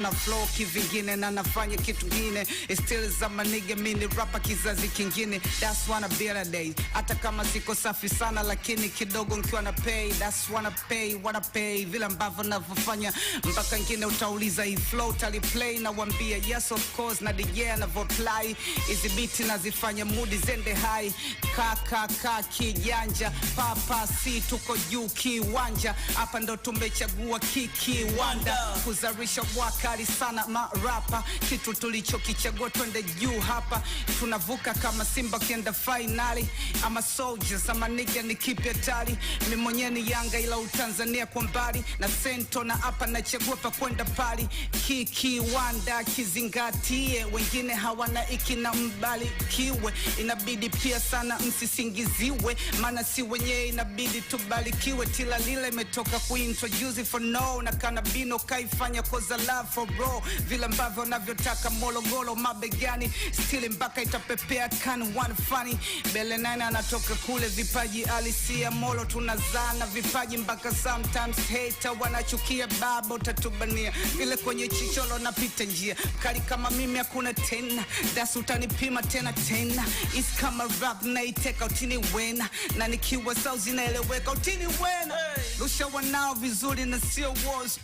na flow kivingine na nafanya kitu kingine still za manige mini rapa kizazi kingine that's wanna be a day hata kama siko safi sana lakini kidogo nkiwa na pay that's wanna pay wanna pay vile ambavyo navyofanya mpaka ngine utauliza hii flow taliplay na wambia yes of course na DJ anavyoplay hizi biti nazifanya mudi zende high kakaka kijanja papa si tuko juu kiwanja hapa ndo tumechagua kikiwanda kuzarisha mwaka kali sana marapa, kitu tulichokichagua, twende juu hapa, tunavuka kama Simba kienda finali, ama soldiers ama niga ni kipya tali, mi mwenyeni Yanga ila utanzania kwa mbali na sento na hapa nachagua pa kwenda pali, kikiwanda kizingatie, wengine hawana iki na mbali kiwe, inabidi pia sana msisingiziwe, maana si wenyewe inabidi tubalikiwe tila lile imetoka kuintroduce for no na kanabino kaifanya koza lafo for bro, vile ambavyo navyotaka mologolo mabegani, stili mpaka itapepea kan one funny bele nane anatoka kule vipaji alisia molo tunazana vipaji mpaka sometimes hater wanachukia baba utatubania vile kwenye chicholo napita njia kali kama mimi hakuna tena dasi utanipima tena tena is kama rap na iteka utini wena na nikiwa sau zinaeleweka utini wena hey. rusha wanao vizuri na sio wars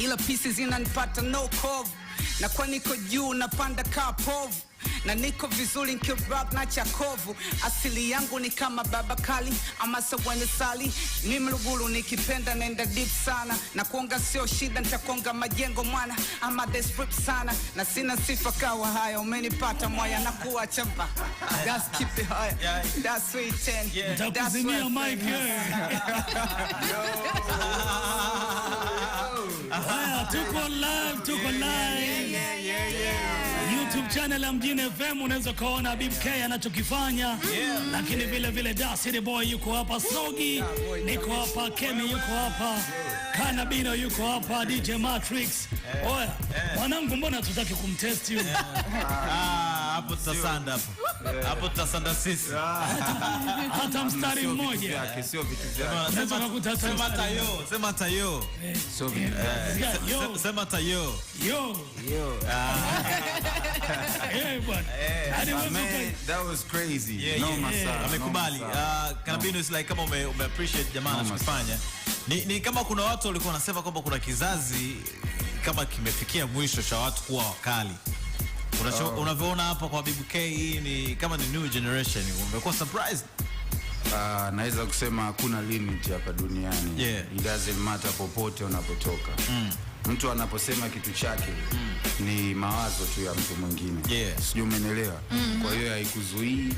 ila pisi zinanipata no kovu, na kwa niko juu napanda kaa povu na niko vizuri nkirap na chakovu. Asili yangu ni kama baba kali ama sawene sali, mi mluguru nikipenda naenda dip sana, na kuonga sio shida, nitakonga majengo mwana ama desprip sana, na sina sifa kawa haya, umenipata mwaya na kuwa chapa that's keep it high that's sweet ten that's Haya, tuko live, tuko live. YouTube channel ya Mjini FM unaweza ukaona Habib K anachokifanya. Yeah, lakini vile yeah, vile Dasiri Boy yuko hapa, Sogi niko hapa, Kemi yuko hapa. Kana Bino yuko hapa, DJ Matrix. Oya, mwanangu mbona tutaki kumtest you? Ah hapo tutasanda hapo hapo tutasanda sisi hata mstari mmoja eh. sio eh. vitu vyake sema nakuta sema tayo sema tayo sio vitu vyake sema tayo yo yo eh, bwana that was crazy yeah, yeah, yeah. no masaa amekubali ah, kanabino is like kama ume, ume appreciate jamaa anachofanya ni, ni kama kuna watu walikuwa wanasema kwamba kuna kizazi kama kimefikia mwisho cha watu kuwa wakali Oh. Unavyoona hapa kwa Bibu K ni kama ni new generation. Umekuwa surprised? Uh, naweza kusema hakuna limit hapa duniani. Yeah. It doesn't matter popote unapotoka. Mm. Mtu anaposema kitu chake mm. ni mawazo tu ya mtu mwingine. Yeah. Sijui umeelewa. Mm. Mm-hmm. Kwa hiyo haikuzuii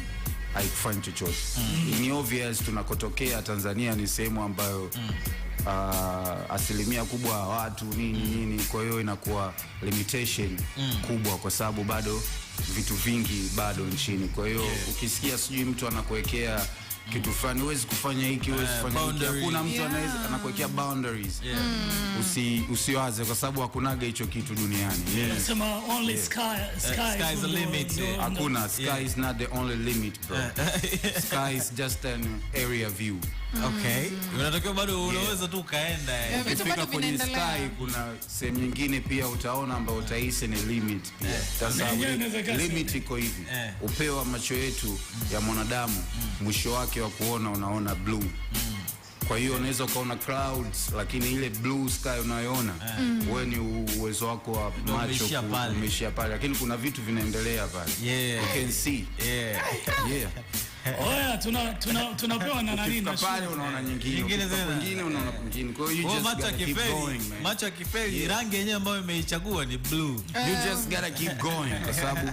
haikufanyi chochote. Mm. Ni obvious tunakotokea Tanzania ni sehemu ambayo mm uh, asilimia kubwa ya watu nini nini, kwa hiyo inakuwa limitation mm. kubwa, kwa sababu bado vitu vingi bado nchini. Kwa hiyo yeah. ukisikia sijui mtu anakuwekea kitu fulani, huwezi kufanya hiki, huwezi eh, kufanya hiki. Hakuna mtu anaweza anakuwekea boundaries, hmm. usi usiwaze, kwa sababu hakunaga hicho kitu duniani. Nasema only eh, sky sky is the limit. Hakuna sky is not the only limit bro. Sky is just an area view. Okay. Hmm. Unatakiwa bado unaweza tu kaenda. Eh. Ukifika kwenye sky kuna sehemu nyingine pia utaona ambayo utahisi ni limit pia. Sasa limit iko hivi. Upeo wa macho yetu ya hmm. mwanadamu mwisho wake wake wa kuona unaona blue mm. Kwa hiyo unaweza ukaona clouds lakini ile blue sky unayoona mm. wewe ni uwezo wako wa macho kumeishia pale, pale lakini kuna vitu vinaendelea pale. Yeah. You can see. Yeah. Yeah. Oya, oh, tuna tuna tunapewa na nani na pale unaona nyingine. Nyingine zile nyingine unaona nyingine. Kwa hiyo you oh, just macho kifeli, macho kifeli rangi yenyewe ambayo imeichagua ni blue. You just gotta keep going kwa sababu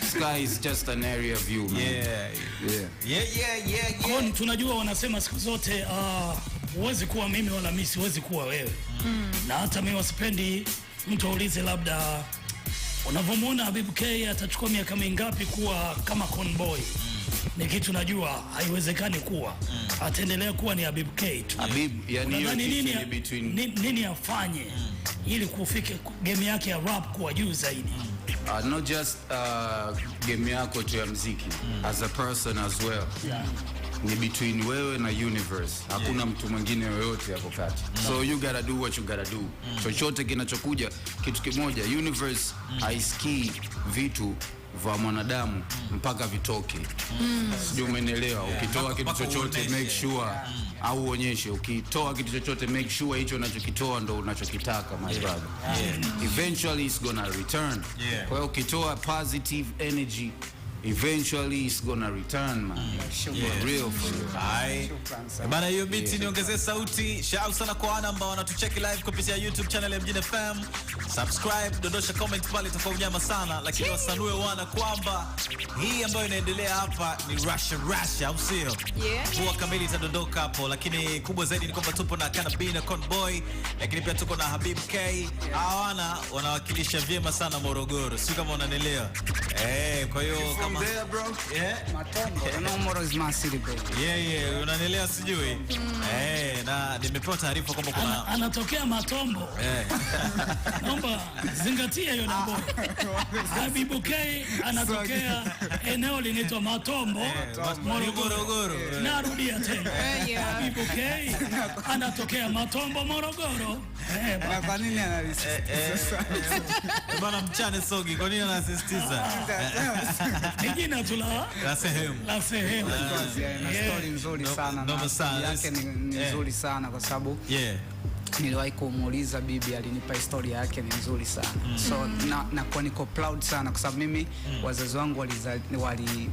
Sky is just an area view man. Yeah. Yeah. Yeah yeah yeah. Kon, tunajua wanasema siku zote ah, huwezi uh, kuwa mimi wala mimi siwezi kuwa wewe mm. Na hata mimi wasipendi mtu aulize labda unavyomwona Habibu K atachukua miaka mingapi kuwa kama Conboy mm. ni kitu najua haiwezekani kuwa mm. ataendelea kuwa ni Habibu K tu. Habibu, yani unadhani nini, nini, nini afanye mm. ili kufika game yake ya rap kuwa juu zaidi mm uh, not just uh, game yako tu ya mziki mm. as a person as well yeah. ni between wewe na universe hakuna yeah. mtu mwingine yoyote hapo kati mm. so you gotta do what you gotta do mm. chochote kinachokuja kitu kimoja universe mm. haisikii vitu vya mwanadamu mm. mpaka vitoke mm. sijui yeah. ukitoa kitu chochote make sure yeah au uonyeshe, ukitoa kitu chochote, make sure hicho unachokitoa ndo unachokitaka my brother. Yeah. Eventually it's gonna return. Yeah. Kwa hiyo ukitoa positive energy eventually it's gonna return man. Ah, yeah. Real for you. Bana hiyo biti yeah. Niongezee sauti. Shout sana kwa wana ambao wanatucheki live kupitia YouTube channel ya Mjini FM. Subscribe, dondosha comment pale itakuwa unyama sana, lakini wasanue wana kwamba hii ambayo inaendelea hapa ni Russia Russia, au sio? Kwa kamili itadondoka hapo, lakini kubwa zaidi ni kwamba tupo na kana Kanabi na Conboy, lakini pia tuko na Habib K. Hawa wanawakilisha vyema sana Morogoro. Sio kama unanielewa. Eh, kwa hiyo I'm there bro. Yeah. Matombo. Yeah. is my city bro. Yeah yeah, unanielewa sijui? Mm. Eh, hey, na nimepewa taarifa kwamba kuna Ana, anatokea Matombo. Eh. Naomba zingatia hiyo namba. Ah. Habibu K anatokea eneo linaitwa Matombo, eh, Morogoro. Narudia tena. Eh, yeah. Kipokei anatokea Matombo, Morogoro. Eh, kwa nini anasisitiza? Eh, eh, bwana mchane sogi, kwa nini anasisitiza? Ni jina tu la sehemu, la sehemu. Story nzuri sana, yake ni nzuri sana kwa sababu niliwahi kumuuliza bibi, alinipa historia yake, ni nzuri sana mm. so na, na niko proud sana kwa sababu mimi mm. wazazi wangu walinizaa wali,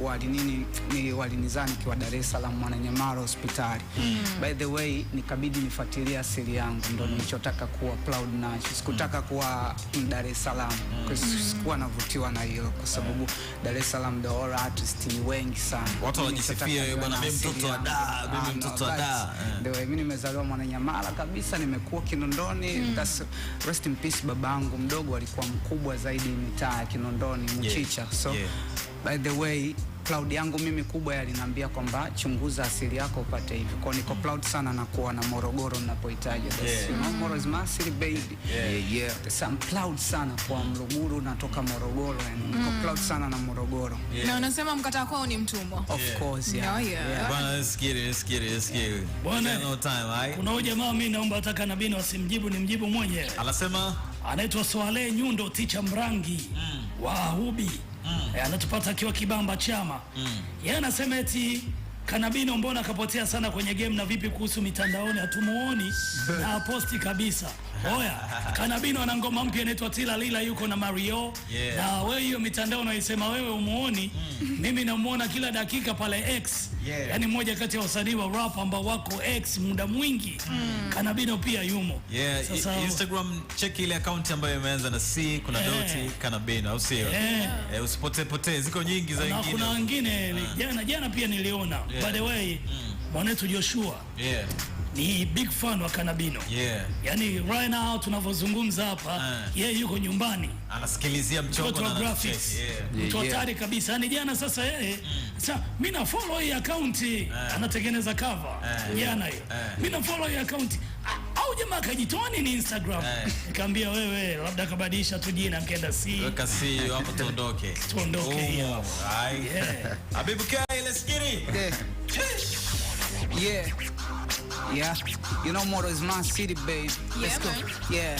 wali, nini ni, walinizaa nikiwa Dar es Salaam Mwananyamara hospitali mm. by the way nikabidi nifuatilie asili yangu, ndo mm. nilichotaka kuwa proud nacho. Sikutaka mm. kuwa Dar es Salaam mm. sikuwa navutiwa na hilo kwa sababu Dar es Salaam the all artist ni wengi sana, watu wanajisifia bwana, mimi mtoto wa da mimi ah, mtoto wa da ndio mimi nimezaliwa Mwananyamara kabisa nimekuwa Kinondoni mm. That's, rest in peace babangu mdogo alikuwa mkubwa zaidi mitaa ya Kinondoni Mchicha yeah. so yeah. by the way cloud yangu mimi kubwa yaliniambia kwamba chunguza asili yako upate hivi. Kwa niko cloud sana na kuwa na Morogoro ninapohitaji. Yeah. You know, Morogoro is my baby. Yeah, yeah. So I'm proud sana kwa Mluguru natoka Morogoro yani niko mm. proud sana na Morogoro. Yeah. Na unasema mkata kwao ni mtumwa. Of course, yeah. No, oh, yeah. yeah. Bwana sikiri sikiri nisikie. Bwana no time, right? Kuna jamaa mimi naomba nataka na bini wasimjibu ni mjibu mwenyewe. Anasema anaitwa Swale Nyundo Ticha Mrangi. Mm. wa Hubi mm. E, anatupata akiwa kibamba chama mm. Yeye anasema eti Kanabino mbona akapotea sana kwenye game na vipi kuhusu mitandaoni hatumuoni na aposti kabisa. Oya, Kanabino ana ngoma mpya inaitwa Tila Lila yuko na Mario yeah. Na wewe hiyo mitandao unaisema wewe umuoni mm. Mimi namuona kila dakika pale X yeah. Yani mmoja kati ya wasanii wa rap ambao wako X muda mwingi mm. Kanabino pia yumo yeah. Sasa, Instagram check ile account ambayo imeanza na C kuna yeah. doti Kanabino au sio? yeah. yeah. usipotee potee, ziko nyingi za wengine. Kuna wengine ah. jana jana pia niliona yeah. by the way mm. mwanetu Joshua yeah ni big fan wa Kanabino. Yeah. Yaani right now tunavyozungumza hapa uh, yeye yuko nyumbani anasikilizia mchongo na graphics. Mtu hatari kabisa. Yaani jana sasa yeye mm. Sasa mimi na follow hii account uh, anatengeneza cover uh, jana hiyo. Uh, mimi na follow hii account au jamaa akajitoni ni Instagram. Uh, Nikamwambia wewe labda kabadilisha tu jina mkenda si. Weka si hapo tuondoke. Tuondoke. Oh, Habibu Kai, let's get it. Yeah. Yeah. Yeah? You know, Moto is my city, babe. Yeah, Let's go. Yeah.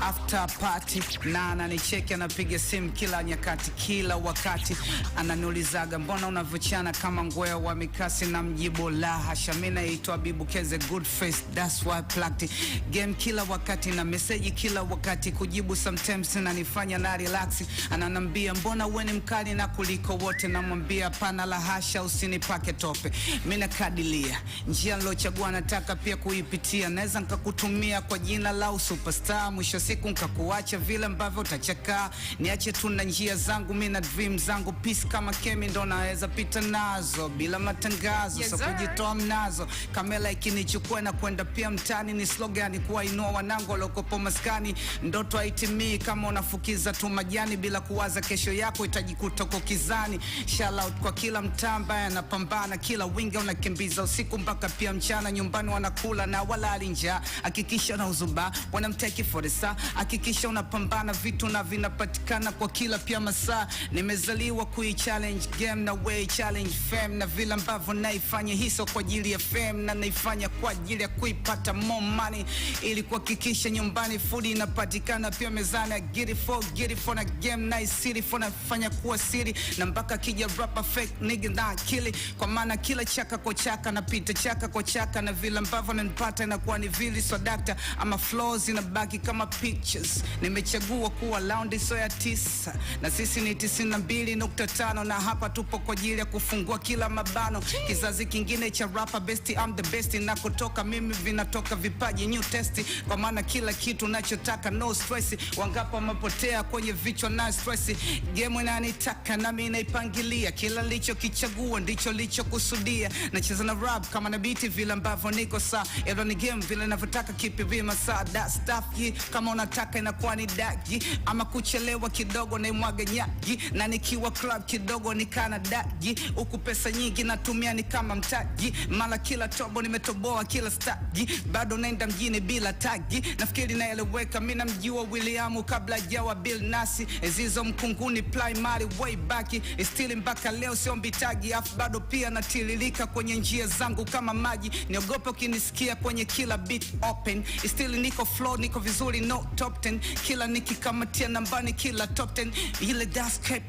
after party, na ananicheki anapiga simu kila nyakati, kila wakati ananiulizaga mbona unavyochana kama ngweo wa mikasi, na mjibu la hasha, mimi naitwa Bibu Keze good face, that's why plucked game kila wakati na message kila wakati, kujibu sometimes na nifanya na relax. Ananambia mbona uwe ni mkali na kuliko wote, namwambia pana la hasha, usinipake tope, mimi nakadilia njia nilochagua, nataka pia kuipitia, naweza nikakutumia kwa jina la superstar mwisho siku nkakuacha vile ambavyo utachakaa, niache tu na njia zangu, mi na dream zangu, peace kama Kemi ndo naweza pita nazo bila matangazo, yes, so kujitoa mnazo, kamera ikinichukua na kwenda pia mtani, ni slogani kuwainua wanangu waliokopo maskani, ndoto haitimii kama unafukiza tu majani bila kuwaza kesho yako itajikuta uko kizani. Shout out kwa kila mtaa ambaye anapambana, kila winga unakimbiza usiku mpaka pia mchana, nyumbani wanakula na wala alinja, hakikisha na uzuba wanamteki foresa masaa. Hakikisha unapambana, vitu na vinapatikana kwa kila pia masaa. Nimezaliwa kui challenge game na way challenge fam na vile ambavyo naifanya hiso kwa ajili ya fam na naifanya kwa ajili ya kuipata more money, ili kuhakikisha nyumbani food inapatikana pia mezani. Get it for get it for na game na city for nafanya kuwa siri na mpaka kija rapper fake nigga na kili, kwa maana kila chaka kwa chaka napita chaka kwa chaka, na vile ambavyo nanipata inakuwa ni vile so doctor ama flows inabaki kama Pictures. Nimechagua kuwa laundi so ya tisa na sisi ni 92.5 na hapa tupo kwa ajili ya kufungua kila mabano, kizazi kingine cha rapper best, I'm the best, na kutoka mimi vinatoka vipaji new test, kwa maana kila kitu nachotaka no stress. wangapo wamepotea kwenye vichwa na stress, game inanitaka mimi naipangilia kila licho kichagua ndicho licho kusudia nacheza na rap kama na beat vile ambavyo niko saa, ilo ni game vile ninavyotaka kipi vima saa that stuff kama unataka inakuwa ni dagi ama kuchelewa kidogo na imwage nyagi, na nikiwa club kidogo nikana dagi, huku pesa nyingi natumia ni kama mtaji, mala kila tobo nimetoboa kila stagi bado naenda mjini bila tagi. Nafikiri naeleweka, mi namjua Williamu kabla jawa Bill nasi zizo mkunguni primary way back, still mpaka leo siombi tagi, afu bado pia natililika kwenye njia zangu kama maji, niogope ukinisikia kwenye kila beat open, still niko flow, niko vizuri no out top 10 kila nikikamatia nambani kila top 10 ile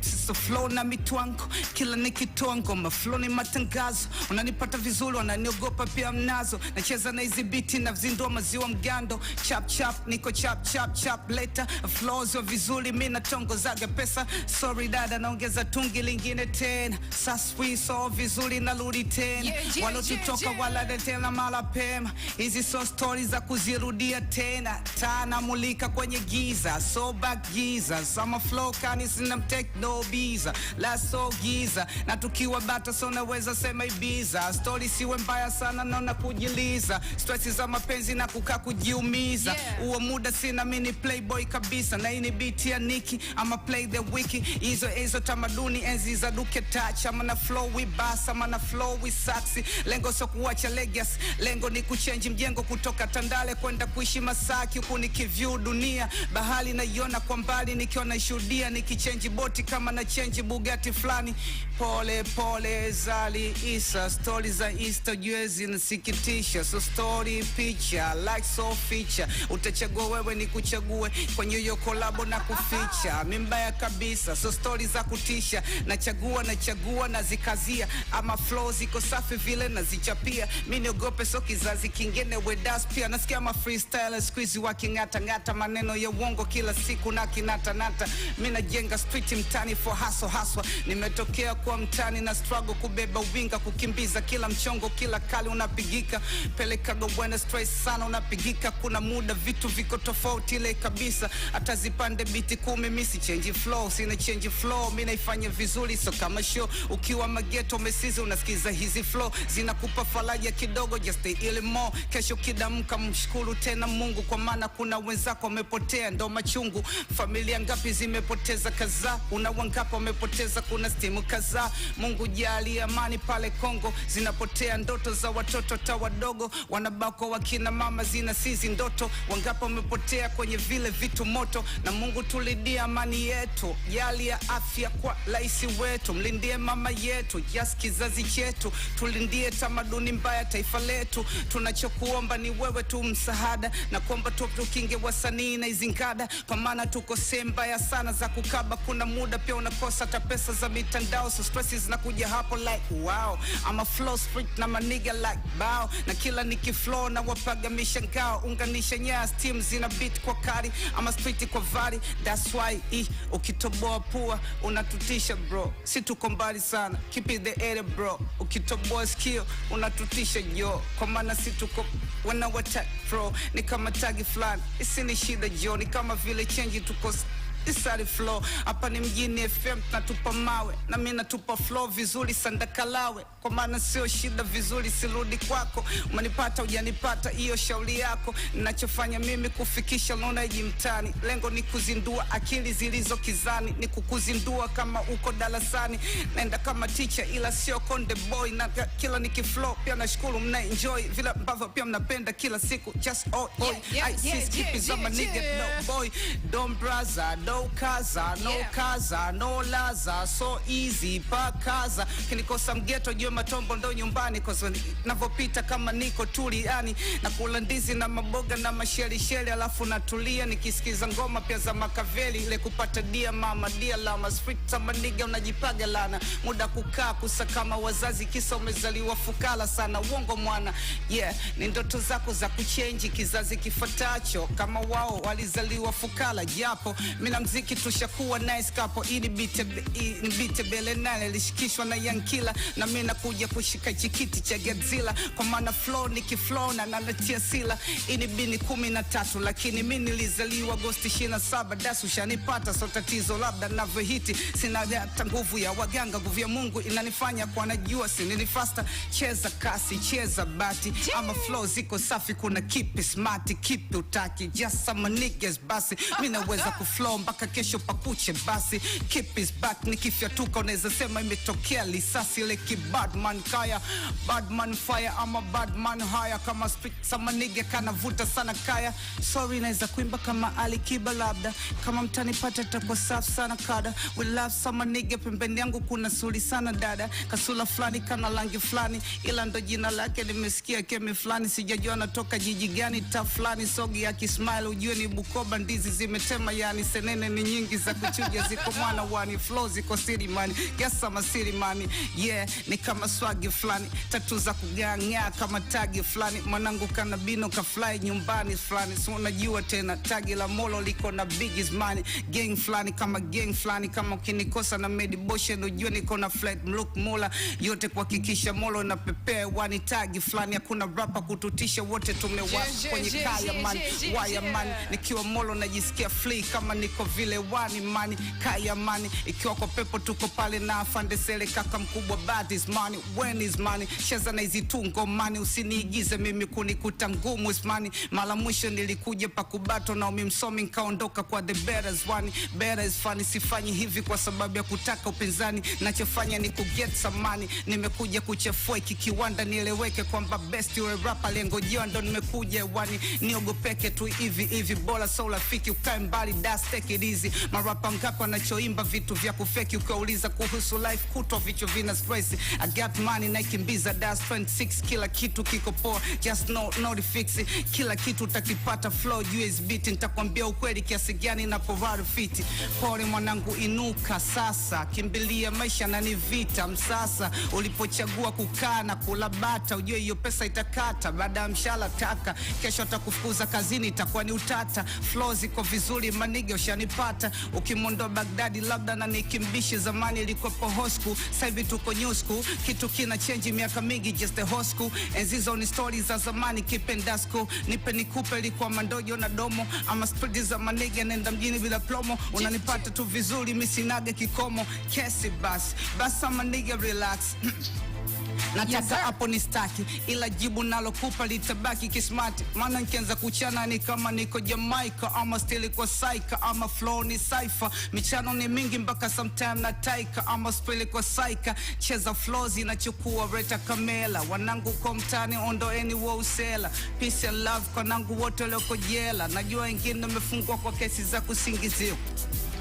so flow na mitwango kila nikitoa ngoma flow ni matangazo unanipata vizuri wananiogopa pia mnazo nacheza na hizi biti na vizindua maziwa mgando chap chap niko chap chap chap leta flows wa vizuri mimi natongozaga pesa sorry dada naongeza tungi lingine tena saswi so vizuri narudi tena yeah, yeah, walotutoka yeah, yeah. walade tena mara pema hizi so stori za kuzirudia tena tana muli Tunatambulika kwenye giza, so back giza, sama flow kani sina techno biza, la so giza, na tukiwa bata so naweza sema ibiza, story siwe mbaya sana naona kujiliza, stress za mapenzi na kukaa kujiumiza, yeah. muda sina mini playboy kabisa, na ini beat ya niki ama play the wiki, hizo hizo tamaduni enzi za Duke Touch, ama na flow we bass ama na flow we saxi, lengo so kuacha legacy, lengo ni kuchange mjengo kutoka Tandale kwenda kuishi Masaki huku nikivyu huu dunia, bahari naiona kwa mbali, nikiwa naishuhudia, nikichenji boti kama na chenji bugati fulani. Pole pole zali isa stori za Insta jue zinasikitisha, so story picha like so feature, utachagua wewe ni kuchague kwenye hiyo kolabo na kuficha mi mbaya kabisa, so stori za kutisha, nachagua nachagua nazikazia, ama flo ziko safi vile nazichapia, mi niogope so kizazi kingine wedas pia nasikia ma freestyle skuizi waking'ata hata maneno ya uongo kila siku na kinatanata. Mimi najenga street mtani for haso haswa, nimetokea kwa mtani na struggle kubeba winga, kukimbiza kila mchongo, kila kali unapigika, peleka gobwana stress sana unapigika. Kuna muda vitu viko tofauti ile kabisa, hata zipande biti kumi, mimi si change flow, sina change flow, mimi naifanya vizuri, so kama show ukiwa mageto umesizi, unasikiza hizi flow zinakupa faraja kidogo, just a little more. Kesho kidamka, mshukuru tena Mungu kwa maana kuna wenzi zako wamepotea, ndo machungu. Familia ngapi zimepoteza kadhaa, una wangapi wamepoteza, kuna stimu kadhaa. Mungu jali amani pale Kongo, zinapotea ndoto za watoto ta wadogo, wanabako wakina mama zina sizi ndoto, wangapi wamepotea kwenye vile vitu moto. Na Mungu tulidia amani yetu, jali ya afya kwa raisi wetu, mlindie mama yetu, yas kizazi chetu, tulindie tamaduni mbaya taifa letu. Tunachokuomba ni wewe tu msaada na kuomba tukinge wa wasanii na izinkada, kwa maana tuko sembaya sana za kukaba. Kuna muda pia unakosa hata pesa za mitandao, so stresses zinakuja hapo like wow, ama flow street na maniga like bao, na kila nikiflow na wapaga mishangao, unganisha nyaya, team zina beat kwa kari ama street kwa vari, that's why i ukitoboa pua unatutisha bro, si tuko mbali sana, keep it the area bro, ukitoboa sikio unatutisha yo, kwa maana si tuko wanawata pro ni kama tagi fulani isi ni shida jioni kama vile chenji tuko isari flow hapa ni mjini FM, tunatupa mawe na mi natupa flow vizuri sandakalawe kwa maana sio shida, vizuri sirudi kwako, umenipata ujanipata hiyo shauri yako. Ninachofanya mimi kufikisha lona iji mtani, lengo ni kuzindua akili zilizo kizani, ni kukuzindua kama uko darasani. Naenda kama ticha, ila sio konde boy, na kila nikiflow pia nashukuru mna enjoy vile ambavyo pia mnapenda kila siku, just oh oh yeah, yeah, I yeah, see yeah, yeah, yeah, nigga yeah. no boy don't brother no kaza no yeah. kaza no laza so easy pa kaza kinikosa mgeto jio kama tombo ndo nyumbani kozo navyopita kama niko tuli tuliani na kula ndizi na maboga na mashelisheli, alafu natulia nikisikiza ngoma pia za Makaveli ile kupata dia mama dia lama street tamaniga unajipaga lana muda kukaa kusa kama wazazi kisa umezaliwa fukala sana uongo mwana yeah, ni ndoto zako za kuchenji kizazi kifatacho kama wao walizaliwa fukala, japo mina mziki tushakuwa nice kapo ili bitebele bite nane lishikishwa na yankila na mina kuja kushika chikiti cha gazila kwa maana flow ni kiflow na nanatia sila ini bini kumi na tatu lakini mi nilizaliwa Agosti ishirini na saba dasu shanipata so tatizo labda navyohiti sina hata nguvu ya waganga nguvu ya Mungu inanifanya kwa najua sinini fasta cheza kasi cheza bati ama flow ziko safi kuna kipi smart kipi utaki just some niggas basi mi naweza kuflow mpaka kesho pakuche basi kipi is back nikifyatuka unaweza sema imetokea lisasi ile kibad badman kaya badman fire ama badman haya kama samaniga kanavuta sana kaya sorry naweza kuimba kama alikiba labda kama mtanipata tako safi sana kada we love samaniga pembeni yangu kuna suli sana dada kasula fulani kana langi fulani ila ndo jina lake nimesikia kemi fulani sijajua anatoka jiji gani ta fulani sogi ya kismail ujue ni bukoba ndizi zimetema yani senene ni nyingi za kuchuja ziko mwana wani flow ziko sirimani gesa masirimani yeah nika kama swagi fulani, tatu za kugang'aa kama tagi fulani. Mwanangu kanabino kafly nyumbani fulani, si unajua tena tagi la molo liko na big money, gang fulani kama gang fulani. Kama ukinikosa na medi boshe, unajua niko na flight mluk mola yote kuhakikisha molo na pepea wani tagi fulani. Hakuna rapa kututisha, wote tumewasi kwenye kaya man waya man, nikiwa molo najisikia free kama niko vile wani mani kaya mani, ikiwa kwa pepo tuko pale na afande sele kaka mkubwa badis man money when is money sheza na hizi tungo mani usiniigize mimi kunikuta ngumu ismani mara mwisho nilikuja pakubato na umimsomi nkaondoka kwa the better one better is funny sifanyi hivi kwa sababu ya kutaka upinzani nachofanya ni kuget some money nimekuja kuchefua iki kiwanda nieleweke kwamba best yule rapa lengojiwa ndo nimekuja hewani niogopeke tu hivi hivi bora so rafiki ukae mbali das take it easy marapa ngapi wanachoimba vitu vya kufeki ukiwauliza kuhusu life kutwa vichwa vina stress gap money naikimbiza das 26 kila kitu kiko poa just no no fix kila kitu utakipata flow USB nitakwambia ukweli kiasi gani na kovari fit pole mwanangu inuka sasa kimbilia maisha na ni vita msasa ulipochagua kukaa na kulabata ujue hiyo pesa itakata baada ya mshala taka kesho atakufukuza kazini itakuwa ni utata flow ziko vizuri manige ushanipata ukimondoa Bagdadi labda na nikimbishi zamani ilikuwa po hosku sasa hivi tuko nyusku kitu kina change miaka mingi, just a high school. ni stories za zamani, kipendasco nipe nikupe, kwa mandojo na domo ama spridi za manege, naenda mjini bila plomo, unanipata tu vizuri, misinage kikomo kesi bas basa manege relax nataka hapo ni staki ila jibu nalokupa litabaki kismati, maana nikianza kuchana ni kama niko Jamaica ama stili kwa saika ama flow ni saifa, michano ni mingi mpaka sometime na taika ama spili kwa saika, cheza flow zinachukua reta kamela. Wanangu kwa mtani, ondoeni wa usela, peace and love kwa nangu wote walioko jela, najua wengine wamefungwa kwa kesi za kusingiziwa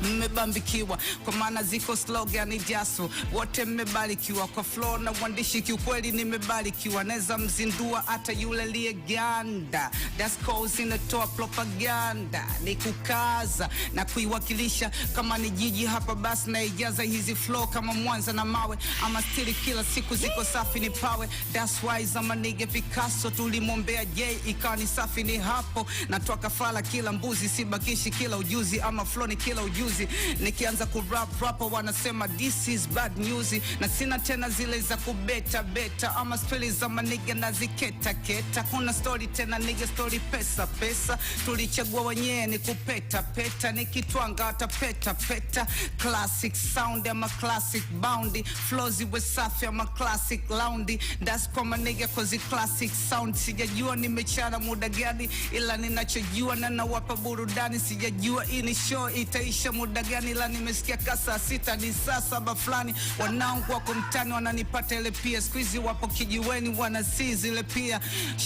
mmebambikiwa, kwa maana ziko slogan jaso, wote mmebarikiwa kwa flo na uandishi. Kiukweli nimebarikiwa, naweza mzindua hata yule liyeganda das inatoa propaganda, ni kukaza na kuiwakilisha. Kama ni jiji hapa, basi naijaza hizi flo kama Mwanza na mawe, ama stili kila siku ziko safi, ni pawe that's zamanige Picasso tulimwombea J ikawa ni safi, ni hapo natoa kafala kila mbuzi, sibakishi kila ujuzi ama flo ni kila ujuzi juzi, nikianza ku rap rap wanasema this is bad news, na sina tena zile za kubeta beta ama stori za maniga na ziketa keta. Kuna story tena nige story pesa pesa, tulichagua wenyewe ni kupeta peta, nikitwanga hata peta peta, classic sound ama classic boundy flows iwe safi ama classic loundy that's kwa maniga kozi classic sound. Sijajua nimechana muda gani, ila ninachojua na nawapa burudani, sijajua ini show itaisha muda gani, la nimesikia kasa sita ni saa saba fulani. Wanangu wako mtani wananipata ile pia, siku hizi wapo kijiweni si zile pia.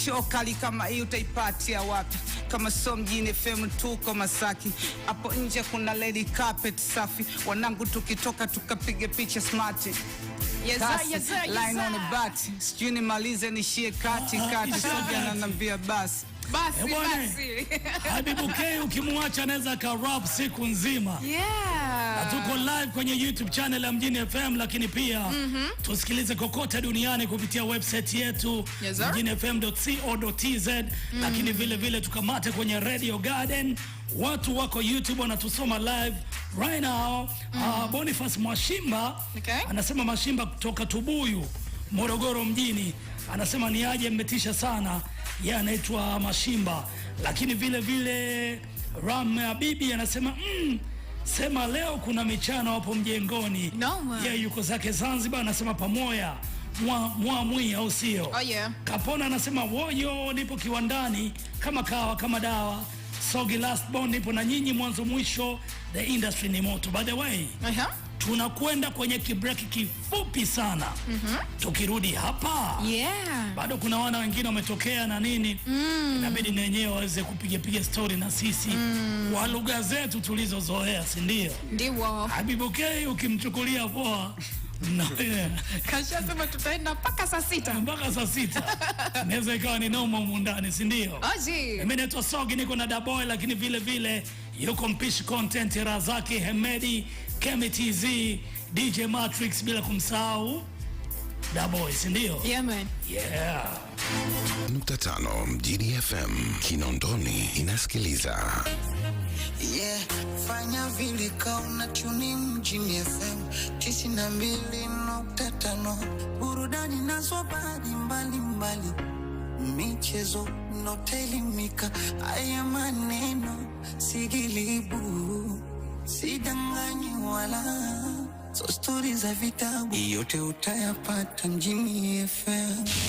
Show kali kama hii utaipatia wapi kama sio mjini FM? Tuko Masaki, hapo nje kuna lady carpet safi. Wanangu tukitoka tukapige picha smart sijui nimalize nishie kati kati, ah, ah. basi basi, eh, basi. Habibu K ukimwacha anaweza ka rap siku nzima yeah. tuko live kwenye YouTube channel ya Mjini FM, lakini pia mm -hmm. tusikilize kokote duniani kupitia website yetu yes, mjinifm.co.tz mm. Lakini vile vile tukamate kwenye Radio Garden, watu wako YouTube wanatusoma live right now mm. Uh, Boniface Mwashimba okay. Anasema Mwashimba kutoka Tubuyu Morogoro mjini, anasema ni aje mmetisha sana yeye anaitwa Mashimba, lakini vile vile Ram ya bibi anasema mm, sema leo kuna michano hapo mjengoni no, yeye yuko zake Zanzibar, anasema pamoja mwamwi au sio? Oh, yeah. Kapona anasema woyo, nipo kiwandani kama kawa kama dawa sogi last born, nipo na nyinyi mwanzo mwisho, the industry ni moto by the way. Uh -huh tunakwenda kwenye kibreki kifupi sana mm -hmm. Tukirudi hapa yeah. Bado kuna wana wengine wametokea na nini mm. Inabidi na wenyewe waweze kupiga piga stori na sisi mm. Kwa lugha zetu tulizozoea, sindio ndio? habibukei ukimchukulia poa Kashasema tutaenda mpaka saa sita mpaka saa sita naweza ikawa ni noma mundani, si ndio? Mimi naitwa Sogi, niko na Daboy, lakini vile vile yuko mpishi content Razaki Hemedi, Kemi DJ Matrix, bila kumsahau Daboy, si Yeah, Yeah. Nukta tano mjini FM Kinondoni inasikiliza Yeah, fanya vile kauna tuni Mjini FM tisini na mbili nukta tano burudani nazo habari mbalimbali, michezo notelimika, haya maneno sigilibu, sidanganyi wala so stori za vitabu yote utayapata mjini FM.